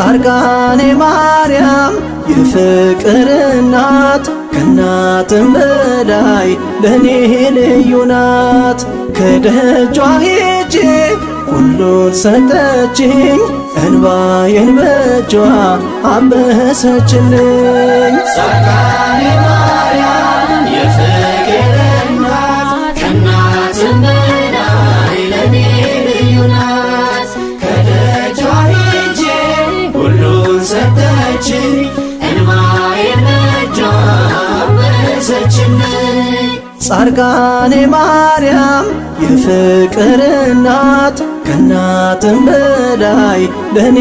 ጻድቃኔ ማርያም የፍቅር እናት ከእናትም በላይ ለኔ ልዩ ናት። ከደጇ ሄጄ ሁሉን ሰጠችኝ፣ እንባዬን በእጇ አበሰችልኝ። ሰጠች እንባዬን በእጇ ጻድቃኔ ማርያም የፍቅር እናት ከእናትም በላይ ለእኔ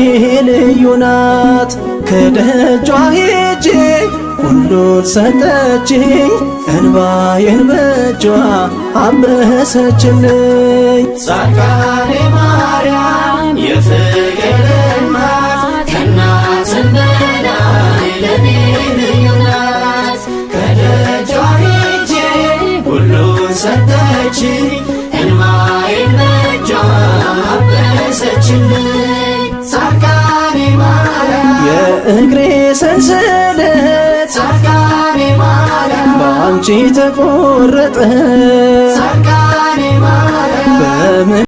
ልዩ ናት። ከደጇ ሄጄ ሁሉን ሰጠችኝ እንባዬን በእጇ አበሰችልኝ። ጻድቃኔ ሰጠች እንባዬን በእጇ አበሰችልኝ ጻድቃኔ ማርያም የእግሬ ሰንሰለት ጻድቃኔ ማርያም በአንቺ ተቆረጠ ጻድቃኔ ማርያም